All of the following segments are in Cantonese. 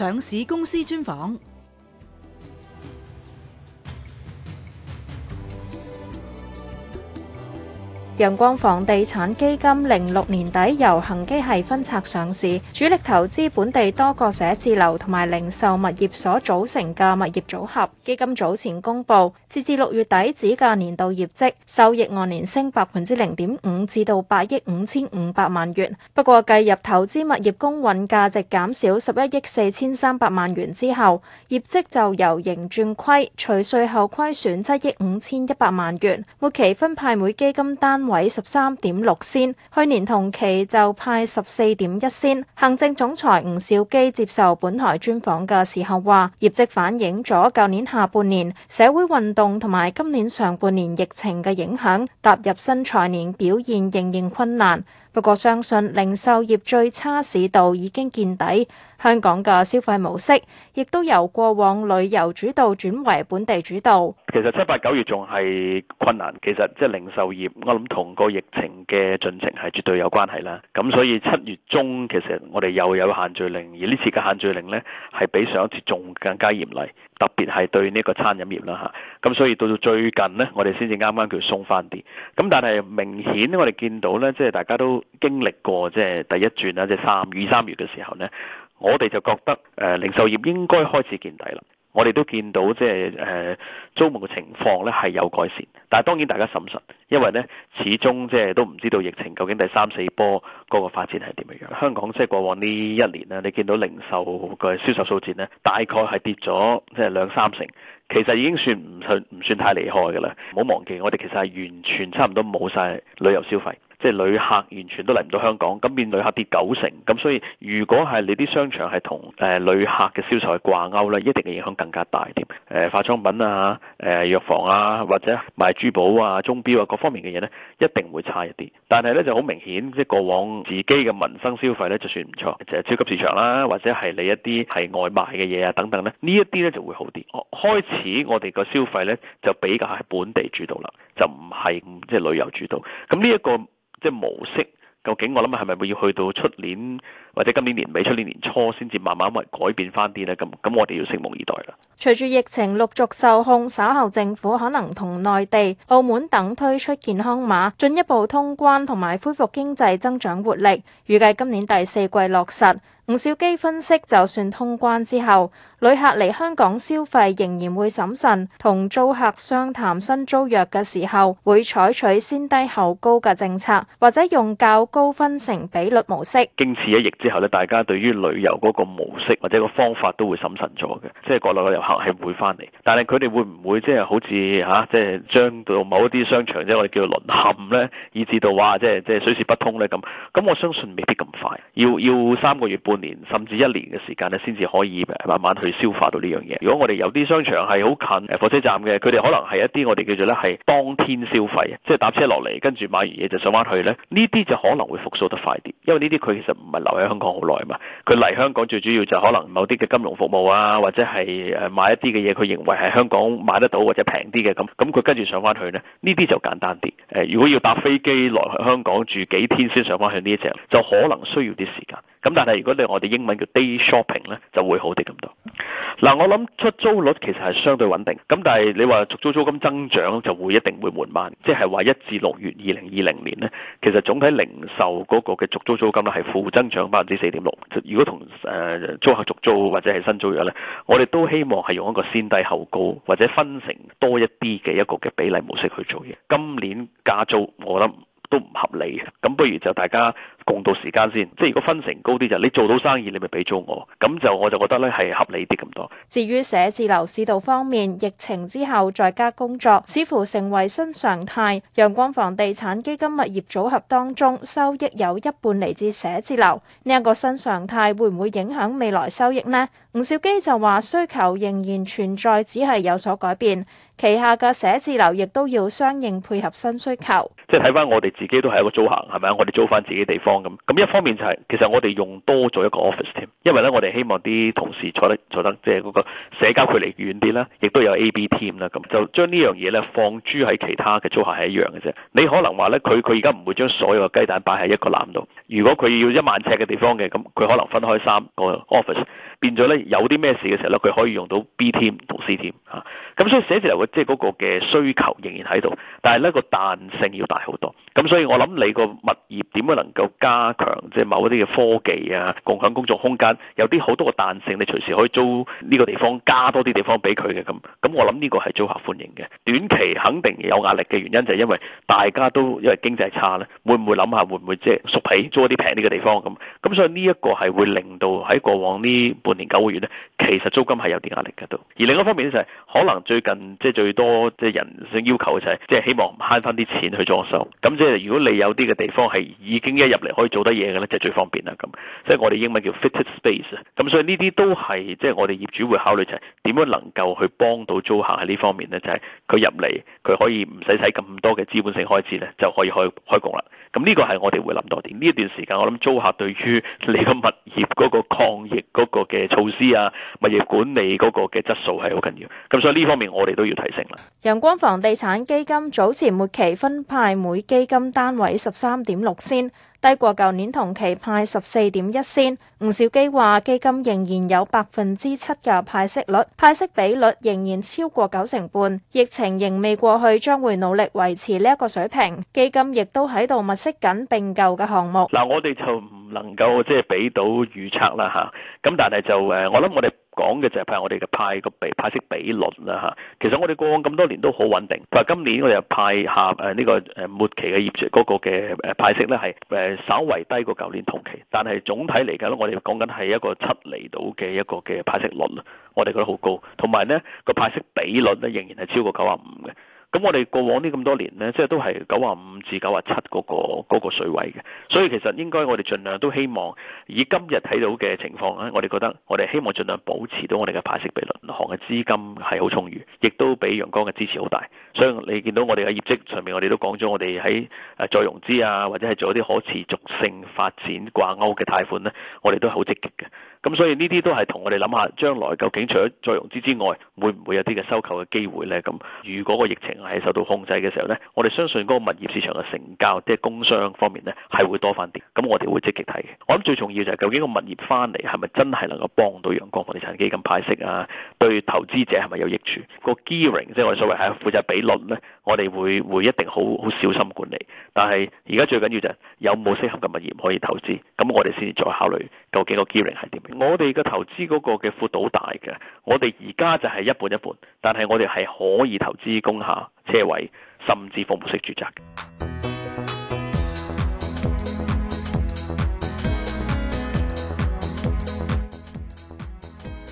上市公司專訪。陽光房地產基金零六年底由恒基系分拆上市，主力投資本地多個寫字樓同埋零售物業所組成嘅物業組合。基金早前公布，截至六月底止嘅年度業績，收益按年升百分之零點五，至到八億五千五百萬元。不過計入投資物業公允價值減少十一億四千三百萬元之後，業績就由盈轉虧，除稅後虧損七億五千一百萬元。末期分派每基金單位十三點六仙，去年同期就派十四點一仙。行政總裁吳兆基接受本台專訪嘅時候話，業績反映咗舊年下半年社會運動同埋今年上半年疫情嘅影響，踏入新財年表現仍然困難。不過相信，零售業最差市道已經見底，香港嘅消費模式亦都由過往旅遊主導轉為本地主導。其實七、八、九月仲係困難。其實即係零售業，我諗同個疫情嘅進程係絕對有關係啦。咁所以七月中其實我哋又有限聚令，而呢次嘅限聚令呢，係比上一次仲更加嚴厲，特別係對呢個餐飲業啦嚇。咁所以到到最近呢，我哋先至啱啱叫鬆翻啲。咁但係明顯我哋見到呢，即係大家都經歷過即係第一轉啦，即係三二三月嘅時候呢，我哋就覺得誒零售業應該開始見底啦。我哋都見到即係誒租務嘅情況咧係有改善，但係當然大家審慎，因為咧始終即係都唔知道疫情究竟第三四波嗰個發展係點樣樣。香港即係過往呢一年咧，你見到零售嘅銷售數字咧，大概係跌咗即係兩三成，其實已經算唔算唔算太厲害㗎啦。唔好忘記，我哋其實係完全差唔多冇晒旅遊消費。即係旅客完全都嚟唔到香港，咁變旅客跌九成，咁所以如果係你啲商場係同誒旅客嘅銷售係掛鈎咧，一定嘅影響更加大啲。誒、呃、化妝品啊、誒、呃、藥房啊，或者賣珠寶啊、鐘錶啊各方面嘅嘢咧，一定會差一啲。但係咧就好明顯，即、就、係、是、過往自己嘅民生消費咧，就算唔錯，就係、是、超級市場啦、啊，或者係你一啲係外賣嘅嘢啊等等咧，呢一啲咧就會好啲。開始我哋個消費咧就比較係本地主導啦，就唔係即係旅遊主導。咁呢一個。即係模式，究竟我諗係咪會要去到出年？或者今年年尾，出年年初先至慢慢為改變翻啲咧，咁咁我哋要拭目以待啦。隨住疫情陸續受控，稍後政府可能同內地、澳門等推出健康碼，進一步通關同埋恢復經濟增長活力。預計今年第四季落實。吳兆基分析，就算通關之後，旅客嚟香港消費仍然會審慎，同租客商談新租約嘅時候，會採取先低後高嘅政策，或者用較高分成比率模式。經此一役。之後咧，大家對於旅遊嗰個模式或者個方法都會審慎咗嘅，即係國內嘅遊客係唔會翻嚟，但係佢哋會唔會即係好似嚇、啊，即係將到某一啲商場即係我哋叫做淪陷咧，以至到話，即係即係水泄不通咧咁？咁我相信未必咁快，要要三個月、半年甚至一年嘅時間咧，先至可以慢慢去消化到呢樣嘢。如果我哋有啲商場係好近誒火車站嘅，佢哋可能係一啲我哋叫做咧係當天消費，即係搭車落嚟，跟住買完嘢就上翻去咧，呢啲就可能會復甦得快啲，因為呢啲佢其實唔係留喺香港好耐嘛，佢嚟香港最主要就可能某啲嘅金融服務啊，或者係誒買一啲嘅嘢，佢認為喺香港買得到或者平啲嘅咁咁，佢跟住上返去呢，呢啲就簡單啲。誒，如果要搭飛機來香港住幾天先上返去呢一隻，就可能需要啲時間。咁但係如果你用我哋英文叫 day shopping 咧，就會好啲咁多。嗱，我諗出租率其實係相對穩定，咁但係你話續租租金增長就會一定會緩慢，慢，即係話一至六月二零二零年咧，其實總體零售嗰個嘅續租租金咧係負增長百分之四點六。如果同誒、呃、租客續租或者係新租約咧，我哋都希望係用一個先低後高或者分成多一啲嘅一個嘅比例模式去做嘢。今年加租我諗都唔合理，咁不如就大家，共度時間先，即係如果分成高啲就你做到生意，你咪俾租我，咁就我就覺得咧係合理啲咁多。至於寫字樓市道方面，疫情之後在家工作似乎成為新常態。陽光房地產基金物業組合當中，收益有一半嚟自寫字樓。呢一個新常態會唔會影響未來收益呢？吳兆基就話：需求仍然存在，只係有所改變。旗下嘅寫字樓亦都要相應配合新需求。即係睇翻我哋自己都係一個租客，係咪啊？我哋租翻自己地方。咁咁一方面就係、是、其實我哋用多咗一個 office 添，因為咧我哋希望啲同事坐得坐得即係嗰個社交距離遠啲啦，亦都有 A B team 啦，咁就將呢樣嘢咧放諸喺其他嘅租客係一樣嘅啫。你可能話咧佢佢而家唔會將所有嘅雞蛋擺喺一個籃度，如果佢要一萬尺嘅地方嘅，咁佢可能分開三個 office，變咗咧有啲咩事嘅時候咧，佢可以用到 B team 同 C team 嚇、啊。咁所以寫字樓嘅即係嗰個嘅需求仍然喺度，但係咧個彈性要大好多。咁所以我諗你個物業點樣能夠加強即係某一啲嘅科技啊，共享工作空間有啲好多個彈性，你隨時可以租呢個地方，加多啲地方俾佢嘅咁。咁我諗呢個係租客歡迎嘅。短期肯定有壓力嘅原因就係因為大家都因為經濟差咧，會唔會諗下會唔會即係縮起租一啲平啲嘅地方咁？咁所以呢一個係會令到喺過往呢半年九個月咧，其實租金係有啲壓力嘅都。而另一方面咧就係可能最近即係最多即係人性要求就係即係希望慳翻啲錢去裝修。咁即係如果你有啲嘅地方係已經一入嚟。可以做得嘢嘅咧，即最方便啦。咁即係我哋英文叫 fitted space。咁所以呢啲都係即係我哋業主會考慮就係點樣能夠去幫到租客喺呢方面咧，就係佢入嚟佢可以唔使使咁多嘅資本性開支咧，就可以開開工啦。咁呢個係我哋會諗多啲呢一段時間，我諗租客對於你個物業嗰個抗疫嗰個嘅措施啊，物業管理嗰個嘅質素係好緊要。咁所以呢方面我哋都要提升啦。陽光房地產基金早前末期分派每基金單位十三點六仙。低過舊年同期派十四點一仙，吳兆基話基金仍然有百分之七嘅派息率，派息比率仍然超過九成半，疫情仍未過去，將會努力維持呢一個水平。基金亦都喺度物色緊併購嘅項目。嗱，我哋就唔能夠即係俾到預測啦吓，咁但係就誒，我諗我哋。講嘅就係派我哋嘅派個比派息比率啦嚇，其實我哋過往咁多年都好穩定。嗱，今年我又派下誒呢個誒末期嘅業績嗰個嘅誒派息咧，係誒稍為低過舊年同期，但係總體嚟講咧，我哋講緊係一個七厘到嘅一個嘅派息率，我哋覺得好高。同埋咧，個派息比率咧仍然係超過九啊五嘅。咁我哋過往呢咁多年呢，即係都係九啊五至九啊七嗰個嗰個水位嘅，所以其實應該我哋儘量都希望以今日睇到嘅情況咧，我哋覺得我哋希望儘量保持到我哋嘅派息比率，銀行嘅資金係好充裕，亦都俾陽光嘅支持好大。所以你見到我哋嘅業績上面，我哋都講咗我哋喺誒再融資啊，或者係做一啲可持續性發展掛鈎嘅貸款呢，我哋都好積極嘅。咁所以呢啲都係同我哋諗下將來究竟除咗再融資之外，會唔會有啲嘅收購嘅機會呢？咁如果個疫情係受到控制嘅時候咧，我哋相信嗰個物業市場嘅成交，即係工商方面咧，係會多翻啲。咁我哋會積極睇嘅。我諗最重要就係究竟個物業翻嚟係咪真係能夠幫到陽光房地產基金派息啊？對投資者係咪有益處？個 gearing 即係我哋所謂係負責比率咧，我哋會會一定好好小心管理。但係而家最緊要就係有冇適合嘅物業可以投資，咁我哋先至再考慮究竟個 gearing 係點。我哋嘅投資嗰個嘅闊度好大嘅，我哋而家就係一半一半，但係我哋係可以投資工廈。車位甚至服屋式服務住宅。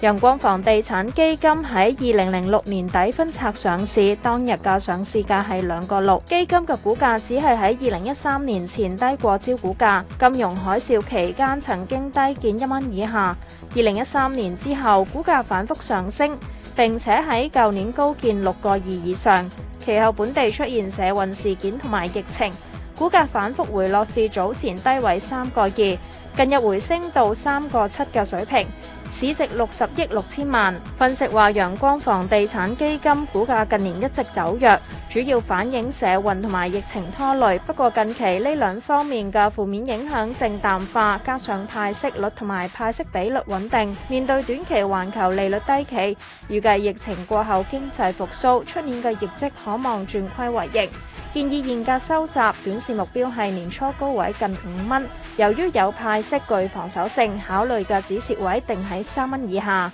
陽光房地產基金喺二零零六年底分拆上市，當日嘅上市價係兩個六。基金嘅股價只係喺二零一三年前低過招股價。金融海嘯期間曾經低見一蚊以下。二零一三年之後，股價反復上升，並且喺舊年高見六個二以上。其後本地出現社運事件同埋疫情，股價反覆回落至早前低位三個二，近日回升到三個七嘅水平。市值六十億六千萬。分析話，陽光房地產基金股價近年一直走弱，主要反映社運同埋疫情拖累。不過近期呢兩方面嘅負面影響正淡化，加上派息率同埋派息比率穩定，面對短期環球利率低企，預計疫情過後經濟復蘇，出年嘅業績可望轉虧為盈。建議嚴格收集，短線目標係年初高位近五蚊，由於有派息具防守性，考慮嘅止蝕位定喺三蚊以下。